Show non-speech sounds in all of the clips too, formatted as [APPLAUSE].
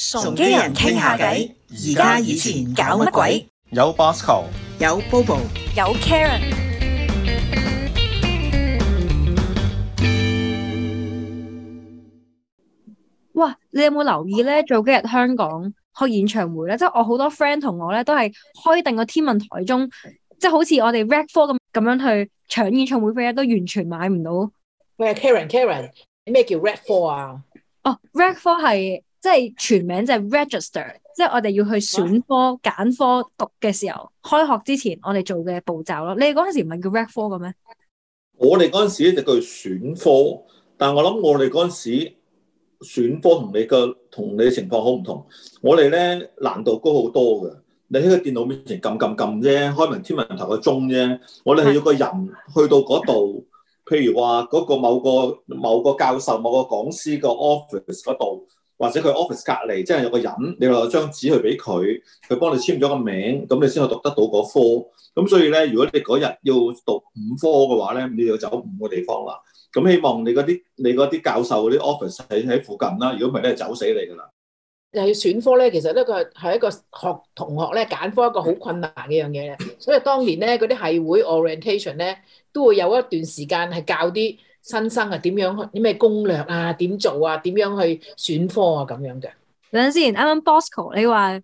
崇基人傾下偈。而家以前搞乜鬼？有 Bosco，有 Bobo，有 Karen。哇！你有冇留意咧？早幾日香港開演唱會咧，即係我好多 friend 同我咧都係開定個天文台中，即係好似我哋 Reg 科咁咁樣去搶演唱會票咧，都完全買唔到。喂，Karen，Karen，咩 Karen，叫 Reg 科啊？哦，Reg 科係。即係全名就係 register，即係我哋要去選科揀科讀嘅時候，開學之前我哋做嘅步驟咯。你嗰陣時唔係叫 reg 科嘅咩？我哋嗰陣時一直叫選科，但我諗我哋嗰陣時選科同你嘅同你情況好唔同。我哋咧難度高好多嘅，你喺個電腦面前撳撳撳啫，開埋天文台嘅鐘啫。我哋係要個人去到嗰度，的譬如話嗰個某個某個教授、某個講師個 office 嗰度。或者佢 office 隔離，即係有個人，你攞張紙去俾佢，佢幫你簽咗個名，咁你先可以讀得到嗰科。咁所以咧，如果你嗰日要讀五科嘅話咧，你要走五個地方啦。咁希望你嗰啲你啲教授嗰啲 office 喺喺附近啦。如果唔係咧，走死你㗎啦。又係選科咧，其實呢，係係一個學同學咧揀科一個好困難嘅樣嘢。所以當年咧，嗰啲系會 orientation 咧，都會有一段時間係教啲。新生啊，點樣啲咩攻略啊？點做啊？點樣去選科啊？咁樣嘅。等陣先，啱啱 Bosco 你話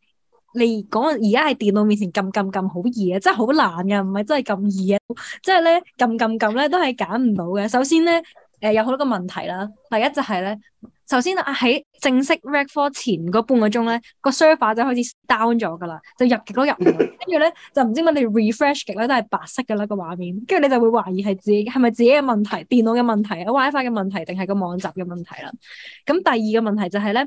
你講而家喺電腦面前撳撳撳好易啊，真係好難嘅，唔係真係咁易啊，即係咧撳撳撳咧都係揀唔到嘅。首先咧，誒有好多個問題啦。第一就係咧。首先啊，喺正式 reg 前嗰半個鐘咧，個 server 就開始 down 咗噶啦，就入極都入唔到，跟住咧就唔知點解你 refresh 極都係白色噶啦個畫面，跟住你就會懷疑係自己係咪自己嘅問題、電腦嘅問題、WiFi 嘅問題，定係個網站嘅問題啦。咁第二個問題就係咧，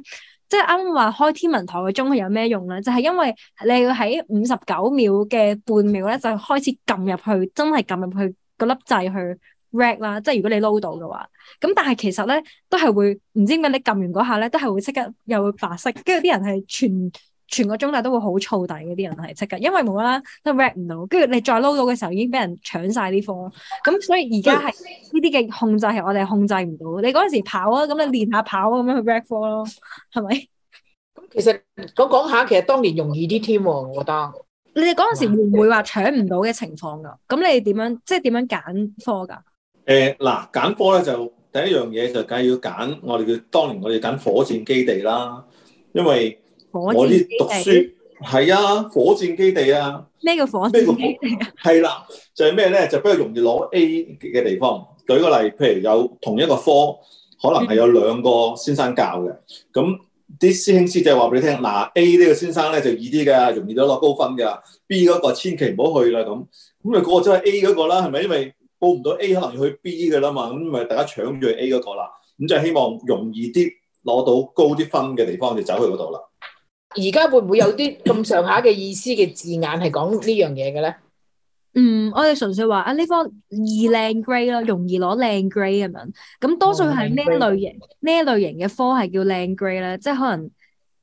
即係啱啱話開天文台嘅鐘有咩用咧？就係因為你要喺五十九秒嘅半秒咧，就開始撳入去，真係撳入去嗰粒掣去。reg 啦，ack，即係如果你撈到嘅話，咁但係其實咧都係會唔知點解你撳完嗰下咧，都係會即刻又會白色，跟住啲人係全全個鐘頭都會好燥底嘅，啲人係即刻，因為冇啦啦都 reg 唔到，跟住你再撈到嘅時候已經俾人搶晒啲科，咁所以而家係呢啲嘅控制，係我哋控制唔到。你嗰陣時跑啊，咁你練下跑啊，咁樣去 reg 科咯，係咪？咁其實我講下，其實當年容易啲添喎，我覺得。你哋嗰陣時會唔會話搶唔到嘅情況噶？咁你哋點樣即係點樣揀科噶？誒，嗱、啊，揀科咧就第一樣嘢就梗係要揀我哋嘅。當年我哋揀火箭基地啦，因為我啲讀書係啊，火箭基地啊，呢個火箭基地啊？係啦、啊，就係咩咧？就比較容易攞 A 嘅地方。舉個例，譬如有同一個科，可能係有兩個先生教嘅，咁啲、嗯、師兄師姐話俾你聽，嗱 A 呢個先生咧就易啲嘅，容易咗攞高分噶，B 嗰個千祈唔好去啦咁，咁你、嗰個真係 A 嗰個啦，係咪？因為報唔到 A 可能要去 B 噶啦嘛，咁咪大家搶住 A 嗰個啦，咁就希望容易啲攞到高啲分嘅地方就走去嗰度啦。而家會唔會有啲咁上下嘅意思嘅字眼係講呢樣嘢嘅咧？嗯，我哋純粹話啊呢方易靚 grade 咯，容易攞靚 grade 咁樣。咁多數係咩類型咩、嗯、類型嘅科係叫靚 grade 咧？即係可能。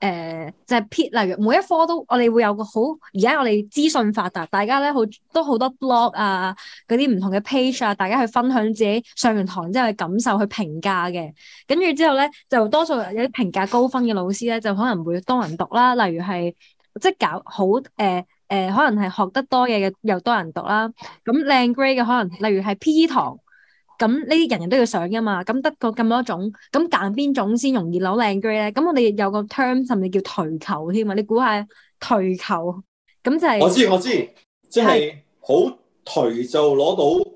誒、呃、就係 P，例如每一科都我哋會有個好，而家我哋資訊發達，大家咧好都好多 blog 啊，嗰啲唔同嘅 page 啊，大家去分享自己上完堂之後嘅感受，去評價嘅，跟住之後咧就多數有啲評價高分嘅老師咧，就可能會多人讀啦。例如係即係搞好、呃呃、可能係學得多嘢嘅又多人讀啦。咁靚 grade 嘅可能，例如係 PE 堂。咁呢啲人人都要上噶嘛，咁得過咁多種，咁揀邊種先容易攞靚 grade 咧？咁我哋有個 term 甚至叫頹球添啊！你估下頹球，咁就係、是，我知我知，即係好頹就攞、是、到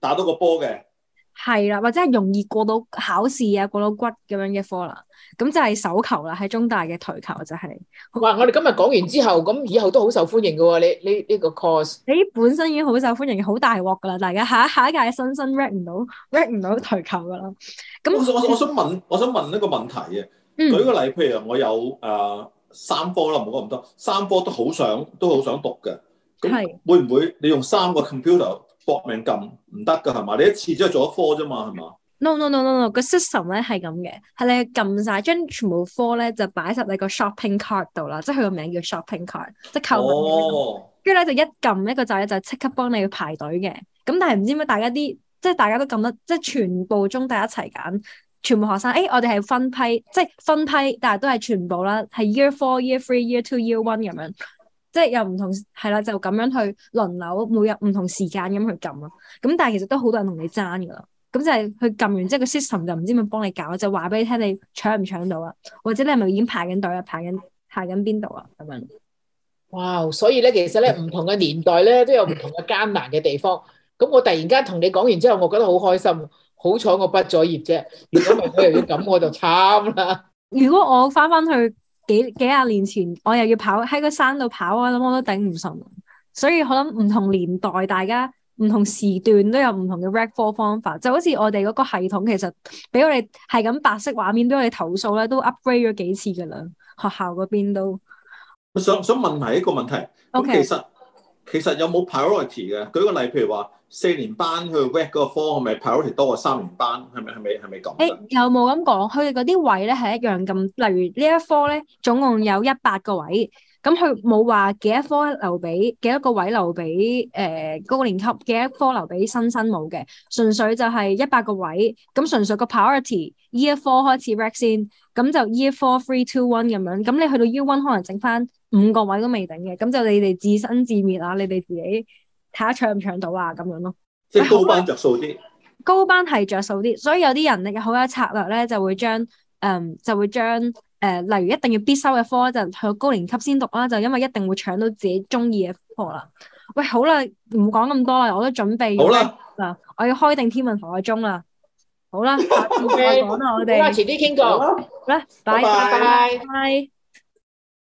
打到個波嘅。係啦，或者係容易過到考試啊，過到骨咁樣嘅科啦，咁就係手球啦，喺中大嘅台球就係、是。哇！我哋今日講完之後，咁以後都好受歡迎嘅喎，你呢呢、這個 course？你本身已經好受歡迎，好大鑊噶啦，大家下下一屆新生 reg 唔到 reg 唔到台球噶啦。咁，我想我想問，我想問一個問題啊。嗯、舉個例，譬如我有誒、呃、三科啦，唔好講咁多，三科都好想，都好想讀嘅。係。會唔會你用三個 computer？搏命撳唔得噶係嘛？你一次只係做一科啫嘛係嘛？No no no no no 個 system 咧係咁嘅，係你撳晒，將全部科咧就擺晒喺個 shopping card 度啦，即係佢個名叫 shopping card 即係購物。跟住咧就一撳一個掣咧就即刻幫你去排隊嘅。咁但係唔知點解大家啲即係大家都撳得，即係全部中大一齊揀全部學生。誒、哎，我哋係分批，即係分批，但係都係全部啦，係 year four、year three、year two、year one 咁樣。即係又唔同，係啦，就咁樣去輪流每日唔同時間咁去撳咯。咁但係其實都好多人同你爭噶啦，咁就去、就是、係去撳完之後個 system 就唔知點樣幫你搞，就話俾你聽你搶唔搶到啊？或者你係咪已經排緊隊啊？排緊排緊邊度啊？咁樣。哇！所以咧，其實咧唔同嘅年代咧都有唔同嘅艱難嘅地方。咁我突然間同你講完之後，我覺得好開心。好彩我畢咗業啫，如果佢又要咁，我就慘啦。 [LAUGHS] 如果我翻翻去。幾幾廿年前，我又要跑喺個山度跑，啊，諗我都頂唔順。所以，我諗唔同年代、大家唔同時段都有唔同嘅 reg 科方法。就好似我哋嗰個系統，其實俾我哋係咁白色畫面俾我哋投訴咧，都 upgrade 咗幾次噶啦。學校嗰邊都。我想想問埋一個問題，咁 Okay. 其實其實有冇 priority 嘅？舉個例，譬如話。四年班去 reg 嗰個科係咪 priority 多過三年班？係咪係咪係咪咁？你有冇咁講？佢哋嗰啲位咧，係一樣咁，例如呢一科咧，總共有一百個位，咁佢冇話幾多科留俾，幾多個位留俾誒高年級，幾多科留俾新生冇嘅，純粹就係一百個位，咁純粹個 priority year four 開始 reg 先，咁就 year four three two one 咁樣，咁你去到 U one 可能剩翻五個位都未頂嘅，咁就你哋自生自滅啦，你哋自己。睇下搶唔搶到啊，咁樣咯。即係高班着數啲。高班係着數啲，所以有啲人咧，好有策略咧，就會將，嗯，就會將，誒、呃，例如一定要必修嘅科就係去高年級先讀啦，就因為一定會搶到自己中意嘅科啦。喂、哎，好啦，唔講咁多啦，我都準備好啦吧。嗱，我要開定天文台嘅鐘啦。好啦，下次再講啦， [LAUGHS] 我哋們。咁遲啲傾過好。好啦，拜拜。